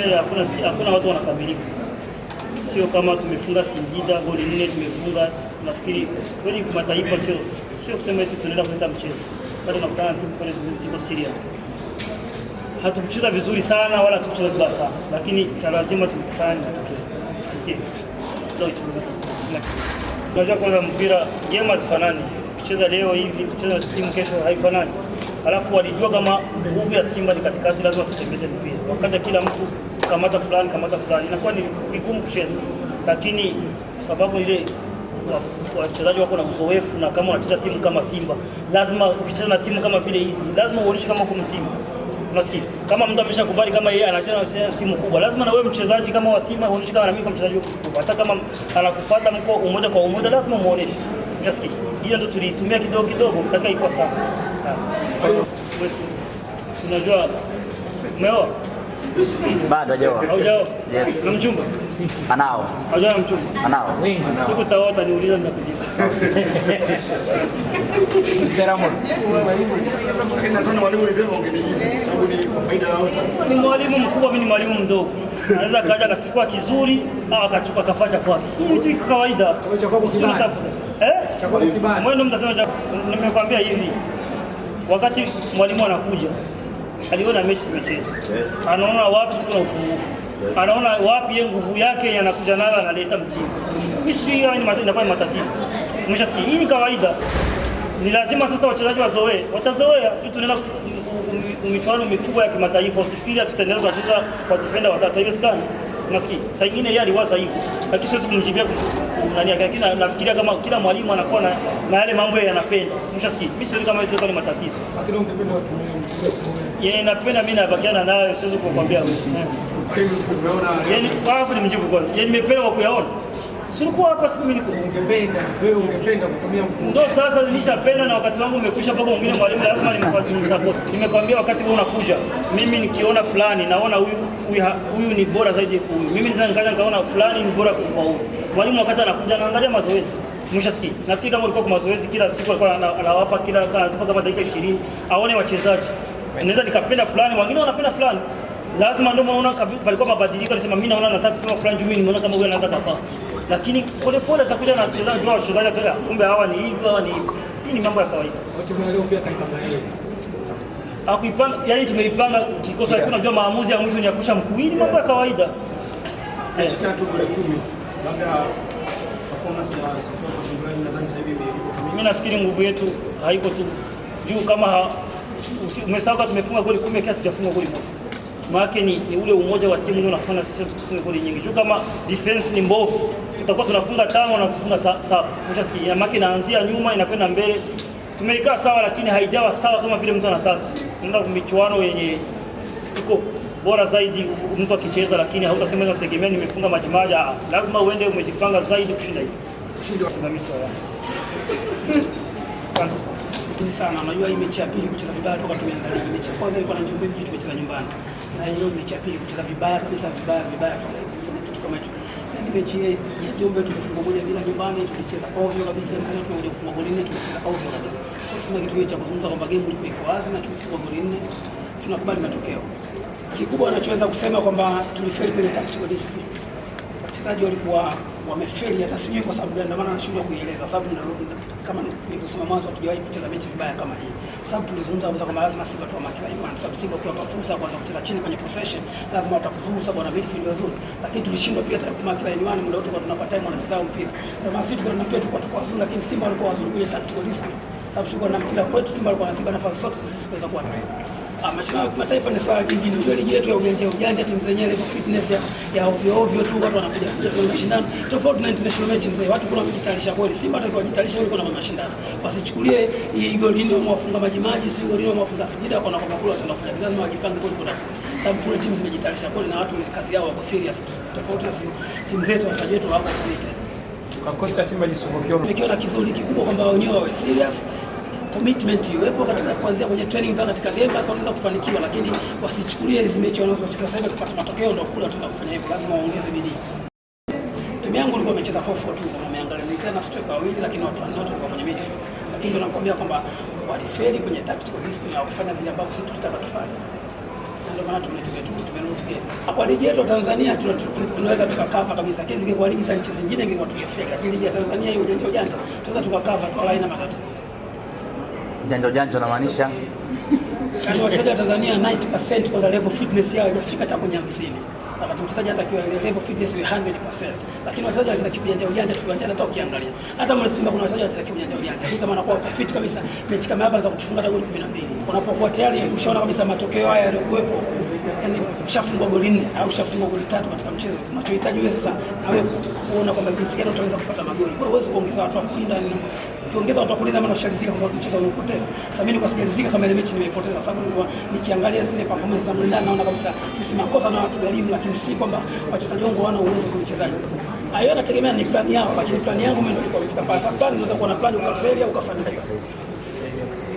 kweli hakuna hakuna watu wanakabilika, sio kama tumefunga Singida goli nne tumefunga. Nafikiri kweli kwa mataifa sio sio kusema eti tunaenda kuleta mchezo bado, nakutana timu pale ziko serious. Hatukucheza vizuri sana wala hatukucheza vibaya sana, lakini cha lazima tukifanye matokeo. Asikie unajua, kwanza mpira game hazifanani, kucheza leo hivi kucheza timu kesho haifanani. Alafu walijua kama nguvu ya Simba ni katikati, lazima tutembeze mpira wakati kila mtu kamata fulani, kamata fulani, inakuwa ni vigumu kucheza, lakini kwa sababu ile wachezaji wako na uzoefu, na kama unacheza timu kama Simba, lazima ukicheza na timu kama vile hizi, lazima uonyeshe kama uko msimu. Unasikia, kama mtu ameshakubali kama yeye anacheza na timu kubwa, lazima na wewe mchezaji kama wa Simba uonyeshe kama na mimi kama mchezaji mkubwa, hata kama anakufuata mko umoja kwa umoja, lazima muoneshe. Unasikia, hiyo ndio tulitumia kidogo kidogo mpaka iko sawa. Tunajua umeoa bado hajaoa. Yes. Na mchumba? Anao. Hajaoa mchumba. Anao. Siku taota niuliza nitakujibu. Mseramu. Ni mwalimu mkubwa, mimi ni mwalimu mdogo. Anaweza kaja akachukua kizuri au akachukua kafacha kwake. Hii ni kawaida. Cha kibaya. Eh? ndo mtasema cha nimekwambia hivi. Wakati mwalimu anakuja aliona mechi zimecheza, anaona wapi tuko na upungufu, anaona wapi yeye nguvu yake yanakuja nayo analeta mtimu. Mimi sijui inakuwa ni matatizo. Umeshasikia, hii ni kawaida, ni lazima sasa wachezaji wazoee, watazoea tunaenda michuano mikubwa ya kimataifa, usifikiri tutaendelea kucheza kwa defender watatu, haiwezekani. Unasikia, saa ingine yeye aliwaza hivyo, lakini siwezi kumjibia nani yake, lakini nafikiria kama kila mwalimu anakuwa na na yale mambo yeye yanapenda. Mshasikia mimi sioni kama hizo ni matatizo, lakini ungependa watu wengi. yeye napenda mimi nabakiana nayo, siwezi kukwambia wewe. Yaani, wafu ni mjibu kwanza. Yaani nimependa kuyaona Silikuwa hapa siku mimi nilikuwa. Ungependa, wewe ungependa kutumia mfumo. Ndio sasa nilishapenda na wakati wangu umekwisha mpaka mwingine mwalimu lazima nimfuatilie support. Nimekwambia wakati wewe unakuja, mimi nikiona fulani naona huyu huyu ni bora zaidi huyu. Mimi naweza nikaja nikaona fulani ni bora kuliko huyu. Mwalimu wakati anakuja anaangalia mazoezi. Mshasikia. Nafikiri kama ulikuwa kwa mazoezi kila siku alikuwa anawapa kila anatupa kama dakika 20 aone wachezaji. Naweza nikapenda fulani, wengine wanapenda fulani. Lazima ndio maana palikuwa mabadiliko, alisema mimi naona nataka kama fulani juu mimi naona kama huyu anaweza kafaa lakini pole pole atakuja na wachezaji wa wachezaji atoa, kumbe hawa ni hivi, hawa ni hivi. Hii ni mambo ya kawaida. leo pia kaipanga yeye. Akuipanga yani, tumeipanga kikosa, lakini unajua maamuzi ya mwisho ni yakusha mkuu. Hii ni mambo ya kawaida. kumi. Labda performance ya kwa sasa hivi Mimi nafikiri nguvu yetu haiko tu juu, kama umesahau tumefunga goli kumi kiasi hatujafunga goli moja maana ni ule umoja wa timu ndio unafanya sisi tufunge goli nyingi, juu kama defense ni mbovu tutakuwa tunafunga tano na kufunga ta, saba. Umeshasikia? Maana inaanzia nyuma inakwenda mbele. Tumeikaa sawa, lakini haijawa sawa kama vile mtu anataka. Tunaenda kwa michuano yenye iko bora zaidi, mtu akicheza, lakini hautasema ni tegemea nimefunga maji maji. Ah, lazima uende umejipanga zaidi kushinda hiyo. Kushinda wa simamizi wa Yanga. Asante sana. Asante sana. Unajua hii mechi ya pili kucheza vibaya toka tumeangalia. Mechi ya kwanza ilikuwa na Njombe, kucheza nyumbani. Na hiyo mechi ya pili kucheza vibaya kabisa, vibaya vibaya, kwa kitu kama hicho mechi ya jumbe tumefunga moja bila nyumbani, tulicheza ovyo kabisa, na tunakuja kufunga goli nne, tulicheza ovyo kabisa. Sina kitu cha kuzungumza kwamba game ilikuwa iko wazi na tulifunga goli nne, tunakubali matokeo. Kikubwa anachoweza kusema kwamba tulifeli kwenye tactical discipline, wachezaji walikuwa wamefeli, hata sijui kwa sababu gani, ndio maana nashindwa kuieleza, sababu ndio kama nilivyosema mwanzo, hatujawahi kucheza mechi vibaya kama hii sababu tulizungumza kabisa kwamba lazima Simba tu amaki na Iman, sababu Simba ukiwa fursa kwanza kucheza chini kwenye possession lazima utakuzuru, sababu na midfield wazuri, lakini tulishindwa pia hata kumaki na Iman, muda wote kwa tunapata time wanacheza mpira, ndio maana sisi na pia tulikuwa tuko wazuri, lakini Simba walikuwa wazuri kwenye tactical risk, sababu tulikuwa na mpira kwetu, Simba walikuwa na Simba nafasi zote zisiweza kuwa mashindano ya kimataifa ni swala jingine. Unajua ligi yetu ya ujanja ujanja, timu zenyewe hizo fitness ya ya ovyo ovyo tu, watu wanakuja kuja kwa mashindano tofauti na international match. Mzee, watu kuna kujitayarisha kweli, Simba hata kwa kujitayarisha yuko mashindano, wasichukulie hii goli ndio mwafunga maji maji, si goli ndio mwafunga Singida kwa nakwenda kula, tunafanya lazima wajipange kweli, kuna sababu kule timu zimejitayarisha kweli na watu kazi yao wako serious, tofauti na timu zetu, wachezaji wetu hawako Kwa Costa Simba jisumbukia, kizuri kikubwa kwamba wenyewe wawe serious commitment iwepo katika kuanzia kwenye training mpaka katika game, basi wanaweza kufanikiwa, lakini wasichukulie hizo mechi wanazocheza sasa kupata matokeo ndio kule watataka kufanya hivyo, lazima waongeze bidii. Timu yangu ilikuwa imecheza 4-4-2 na wameangalia nilitana na striker wawili, lakini watu wanne wote walikuwa kwenye midfield, lakini ndio nakwambia kwamba walifeli kwenye tactical discipline ya kufanya vile ambavyo sisi tutaka tufanye. Ndio maana tumelose game. Kwa ligi yetu Tanzania tunaweza tukakava kabisa. Kesi kwa ligi za nchi zingine ingekuwa tungefeli, lakini ligi ya Tanzania hiyo ujanja ujanja, tunaweza tukakava tu, haina matatizo janjo janja, namaanisha yani wachezaji wa Tanzania 90% kwa level fitness yao inafika hata kwenye 50 wakati mchezaji hata kiwa level fitness ya 100%, lakini wachezaji wanacheza kijanja ujanja tu kijanja. Hata ukiangalia hata mwana Simba kuna wachezaji wanacheza kijanja ujanja, hii kama anakuwa fit kabisa, mechi kama hapa za kutufunga hata goli 12, unapokuwa tayari ushaona kabisa matokeo haya yaliyokuwepo, yani ushafungwa goli nne au ushafungwa goli tatu katika mchezo. Unachohitaji wewe sasa na wewe kuona kwamba jinsi gani utaweza kupata magoli, kwa hiyo uweze kuongeza watu wa kulinda ni ukiongeza watu wakulinda maana ushalizika kwa mchezo unapoteza. Sasa mimi nilikuwa sijalizika kama ile mechi nimeipoteza, sababu nilikuwa nikiangalia zile performance za mlinda, naona kabisa sisi makosa na tunalimu, lakini si kwamba wachezaji wangu hawana uwezo kwa mchezaji. Hayo nategemea ni plani yao, lakini plani yangu mimi ndio nilikuwa imefika pale. Sasa plani unaweza kuwa na plani ukafeli au ukafanikiwa.